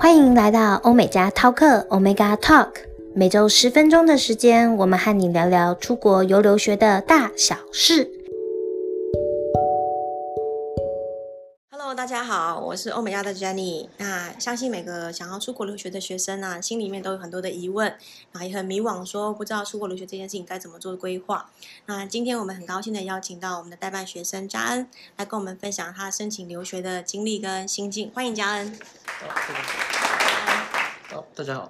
歡迎來到歐美加 Talk，歐美加 Talk，每週十分鐘的時間，我們和你聊聊出國遊留學的大小事。Hello，大家好，我是歐美加的 Jenny。那、啊、相信每個想要出國留學的學生呢、啊，心裡面都有很多的疑問，啊，也很迷惘說說不知道出國留學這件事情該怎麼做規劃。那今天我們很高興的邀請到我們的代辦學生嘉恩，來跟我們分享他申請留學的經歷跟心境。歡迎嘉恩。好、oh，大家好。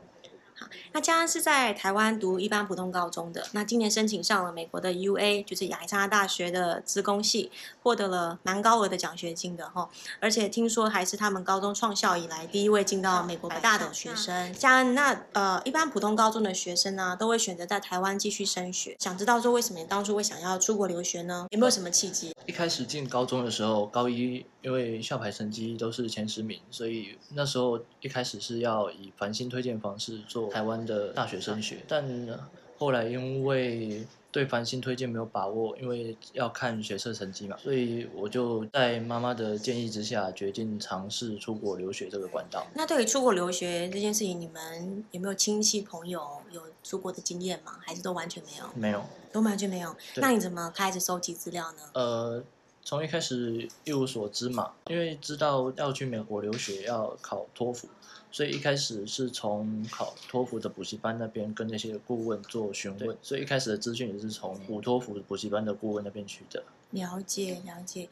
好，那嘉恩是在台灣讀一般普通高中的，那今年申請上了美國的 U A，就是亞歷桑納大學的資工系，獲得了蠻高額的獎學金的哈，而且聽說還是他們高中創校以來第一位進到美國百大的學生。嘉、oh, 恩，那呃一般普通高中的學生呢，都會選擇在台灣繼續升學，想知道說為什麼你當初會想要出國留學呢？有沒有什麼契機？一開始進高中的時候，高一。因為校排成績都是前十名，所以那時候一開始是要以繁星推薦方式做台灣的大學升學，但後來因為對繁星推薦沒有把握，因為要看學測成績嘛，所以我就在媽媽的建議之下，決定嘗試出國留學這個管道。那對於出國留學這件事情，你們有沒有親戚朋友有出國的經驗嗎？還是都完全沒有？沒有，都完全沒有。那你怎麼開始收集資料呢？呃。從一開始一無所知嘛，因為知道要去美國留學要考托福，所以一開始是從考托福的補習班那邊跟那些顧問做詢問，所以一開始的資訊也是從補托福補習班的顧問那邊取得。了解，了解。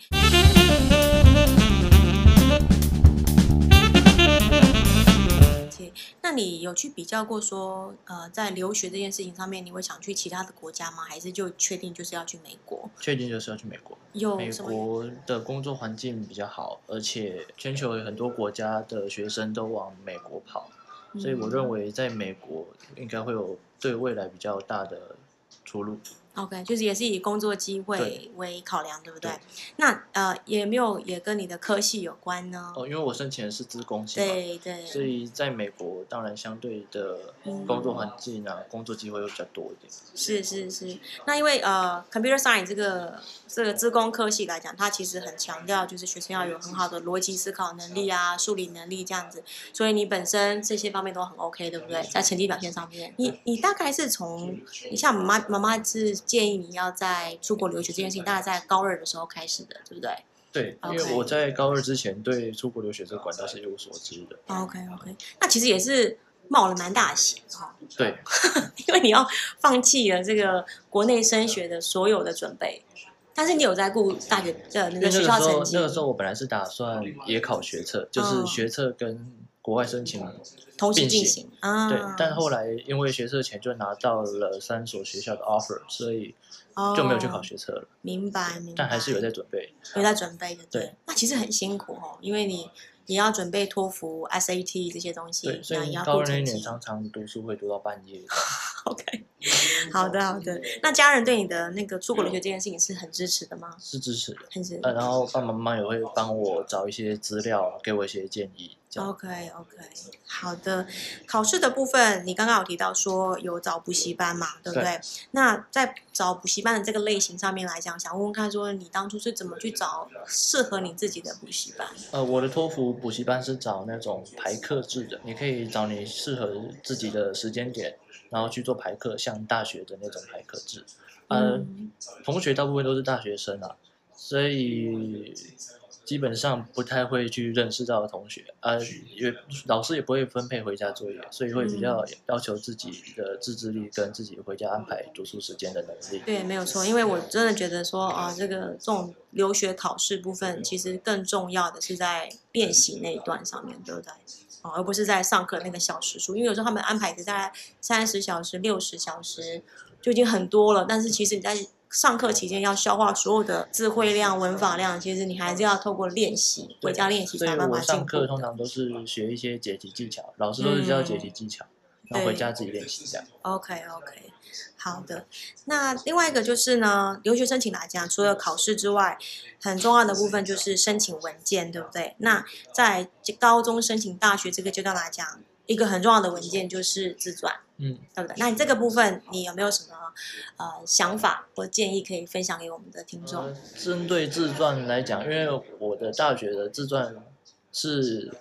那你有去比較過說，呃，在留學這件事情上面，你會想去其他的國家嗎？還是就確定就是要去美國？確定就是要去美國。有，美國的工作環境比較好，而且全球很多國家的學生都往美國跑，嗯，所以我認為在美國應該會有對未來比較大的出路。OK，就是也是以工作機會為考量，對，對不對？對。那呃也沒有，也跟你的科系有關呢。哦，因為我申請的是資工系對對。所以在美國，當然相對的工作環境啊，嗯，工作機會又比較多一點。是是是。那因為呃，computer science 這個這個資工科系來講，它其實很強調就是學生要有很好的邏輯思考能力啊、數理能力這樣子。所以你本身這些方面都很 OK，對不對？對，在成績表現上面，你你大概是從你像媽媽媽，媽是。建議你要在出國留學這件事情，大概在高二的時候開始的，對不對？對，因為我在高二之前對出國留學這個管道是一無所知的。OK OK，那其實也是冒了蠻大險啊。對， 因為你要放棄了這個國內升學的所有的準備，但是你有在顧大學的那個學校成績。那個時候我本來是打算也考學測，就是學測跟，哦。國外申請並同時進行啊，對啊，但後來因為學測前就拿到了三所學校的 offer，所以。Oh, 就沒有去考學測了，明白明白。但還是有在準備，啊、有在準備的。對。那其實很辛苦哦，因為你你要準備托福、SAT 這些東西，那你要。你高二那年常常讀書會讀到半夜。常常半夜 OK，、嗯、好的好的。那家人對你的那個出國留學這件事情是很支持的嗎？是支持的，很支持。然後爸爸媽媽也會幫我找一些資料，給我一些建議。OK OK，好的。考試的部分，你剛剛有提到說有找補習班嘛，對不對？對那在找補習班。班這個類型上面來講，想問問看，說你當初是怎麼去找適合你自己的補習班？呃，我的托福補習班是找那種排課制的，你可以找你適合自己的時間點，然後去做排課，像大學的那種排課制。呃、嗯，同學大部分都是大學生啊，所以。基本上不太會去認識到的同學，呃、啊，也老師也不會分配回家作業，所以會比較要求自己的自制力跟自己回家安排讀書時間的能力。嗯、對，沒有錯，因為我真的覺得說啊，這個這種留學考試部分，其實更重要的是在練習那一段上面對不對？啊，而不是在上課那個小時數，因為有時候他們安排是大概三十小時、六十小時就已經很多了，但是其實你在。上課期間要消化所有的詞彙量、文法量，其實你還是要透過練習，回家練習才蠻蠻，才辦法。所以我上課通常都是學一些解題技巧、嗯，老師都是教解題技巧對，然後回家自己練習一下。OK OK，好的。那另外一個就是呢，留學申請來講，除了考試之外，很重要的部分就是申請文件，對不對？那在高中申請大學這個階段來講。一個很重要的文件就是自傳，嗯，對不對？那你這個部分，你有沒有什麼呃想法或建議可以分享給我們的聽眾？呃，針對自傳來講，因為我的大學的自傳是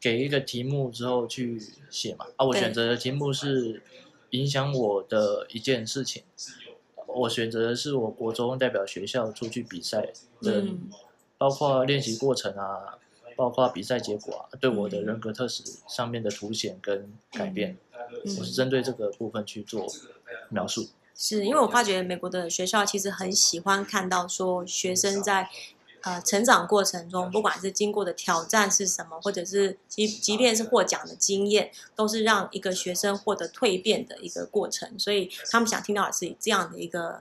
給一個題目之後去寫嘛，啊，我選擇的題目是影響我的一件事情，我選擇的是我國中代表學校出去比賽的，嗯，包括練習過程啊。包括比賽結果啊，對我的人格特質上面的凸顯跟改變，嗯、我是針對這個部分去做描述。是，因為我發覺美國的學校其實很喜歡看到說學生在、呃、成長過程中，不管是經過的挑戰是什麼，或者是即即便是獲獎的經驗，都是讓一個學生獲得蛻變的一個過程。所以他們想聽到的是這樣的一個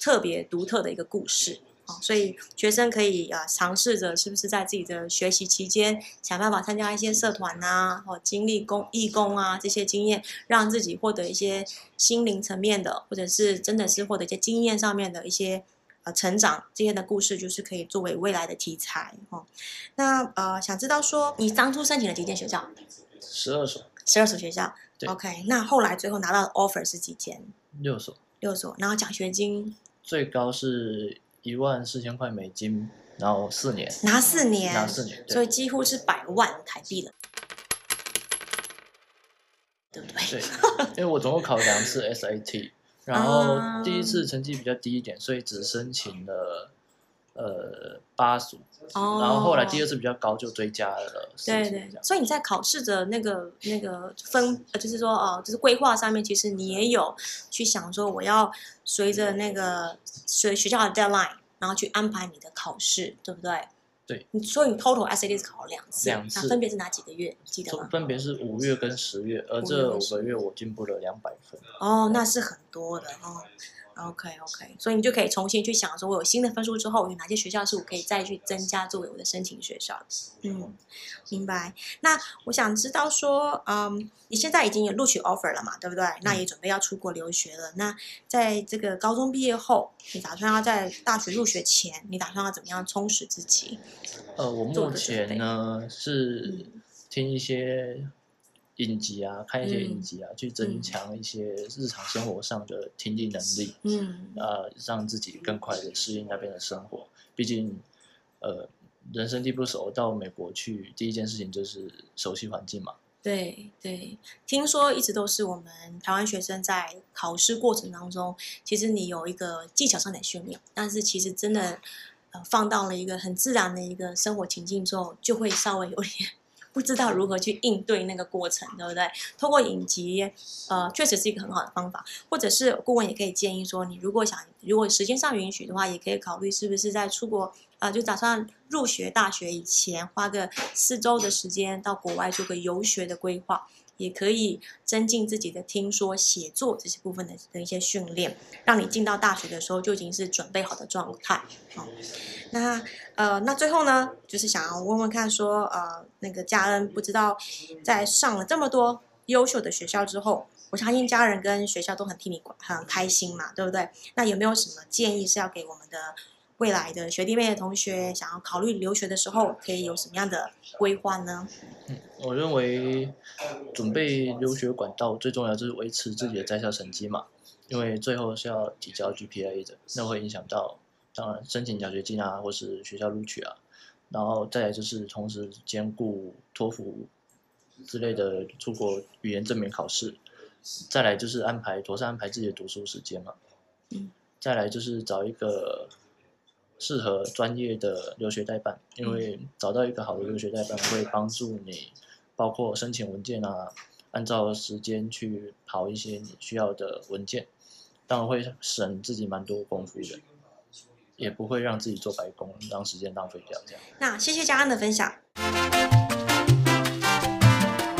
特別獨特的一個故事。所以學生可以啊嘗試着是不是在自己的學習期間想辦法參加一些社團啊，或經歷工義工啊這些經驗，讓自己獲得一些心靈層面的，或者是真的是獲得一些經驗上面的一些、呃、成長這些的故事，就是可以作為未來的題材哦。那呃，想知道說你當初申請了幾間學校？十二所，十二所學校。對，OK。那後來最後拿到的 offer 是幾間？六所，六所。然後獎學金最高是？一萬四千塊美金，然後四年拿四年，拿四年，所以幾乎是百萬台幣了，對不對？對，因為我總共考了兩次 SAT， 然後第一次成績比較低一點，所以只申請了。呃，八十五，然後後來第二次比較高，就追加了。對對，所以你在考試的那個那個分，呃、就是說哦、呃，就是規劃上面，其實你也有去想說，我要隨着那個隨學校的 deadline，然後去安排你的考試，對不對？對。所以你 total S A T 考了兩次，兩次，那分別是哪幾個月？記得嗎？分別是五月跟十月，而這五個月我進步了兩百分。哦，那是很多的哦。OK，OK，okay, okay. 所以你就可以重新去想說，我有新的分數之後，有哪些學校是我可以再去增加作為我的申請學校的。嗯，明白。那我想知道說，嗯，你現在已經有錄取 offer 了嘛，對不對？那也準備要出國留學了。嗯。那在這個高中畢業後，你打算要在大學入學前，你打算要怎麼樣充實自己？呃，我目前呢是聽一些。嗯影集啊，看一些影集啊，嗯，去增強一些日常生活上的聽力能力。嗯，啊，讓自己更快的適應那邊的生活。嗯、畢竟，呃，人生地不熟，到美國去，第一件事情就是熟悉環境嘛。對對，聽說一直都是我們台灣學生在考試過程當中，其實你有一個技巧上的訓練，但是其實真的、嗯呃，放到了一個很自然的一個生活情境之後，就會稍微有點。不知道如何去應對那個過程，對不對？透過影集，呃，確實是一個很好的方法。或者是顧問也可以建議說，你如果想，如果時間上允許的話，也可以考慮是不是在出國，啊、呃，就打算入學大學以前，花個四周的時間到國外做個遊學的規劃。也可以增進自己的聽說、寫作這些部分的的一些訓練，讓你進到大學的時候就已經是準備好的狀態。好、哦，那呃，那最後呢，就是想要問問看說，說呃，那個嘉恩不知道，在上了這麼多優秀的學校之後，我相信家人跟學校都很替你管很開心嘛，對不對？那有沒有什麼建議是要給我們的？未來的學弟妹的同學想要考慮留學的時候，可以有什麼樣的規劃呢？嗯，我認為準備留學管道最重要就是維持自己的在校成績嘛，因為最後是要提交 GPA 的，那會影響到當然申請獎學金啊，或是學校錄取啊，然後再來就是同時兼顧托福之類的出國語言證明考試，再來就是安排妥善安排自己的讀書時間嘛，啊，嗯，再來就是找一個。適合專業的留學代辦，因為找到一個好的留學代辦會幫助你，包括申請文件啊，按照時間去跑一些你需要的文件，當然會省自己蠻多功夫的，也不會讓自己做白工，讓時間浪費掉這樣。那謝謝嘉恩的分享。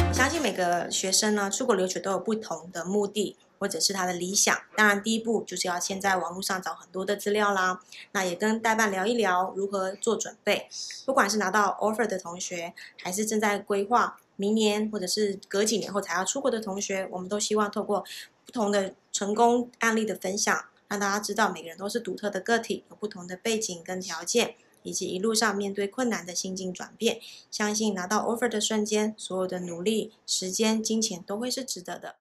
我相信每個學生呢，出國留學都有不同的目的。或者是他的理想。當然第一步就是要先在網絡上找很多的資料啦。那也跟代辦聊一聊如何做準備。不管是拿到 offer 的同學，還是正在規劃明年或者是隔幾年後才要出國的同學，我們都希望透過不同的成功案例的分享，讓大家知道每個人都是獨特的個體，有不同的背景跟條件，以及一路上面對困難的心境轉變。相信拿到 offer 的瞬間，所有的努力、時間、金錢都會是值得的。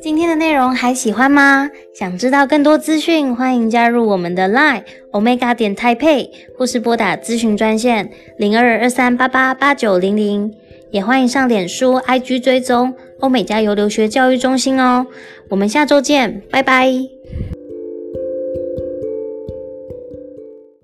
今天的內容還喜歡嗎？想知道更多資訊，歡迎加入我們的 LINE omega.taipei，或是撥打諮詢專線零二二三八八八九零零，也歡迎上臉書、IG 追蹤歐美加遊留學教育中心哦。我們下週見，拜拜。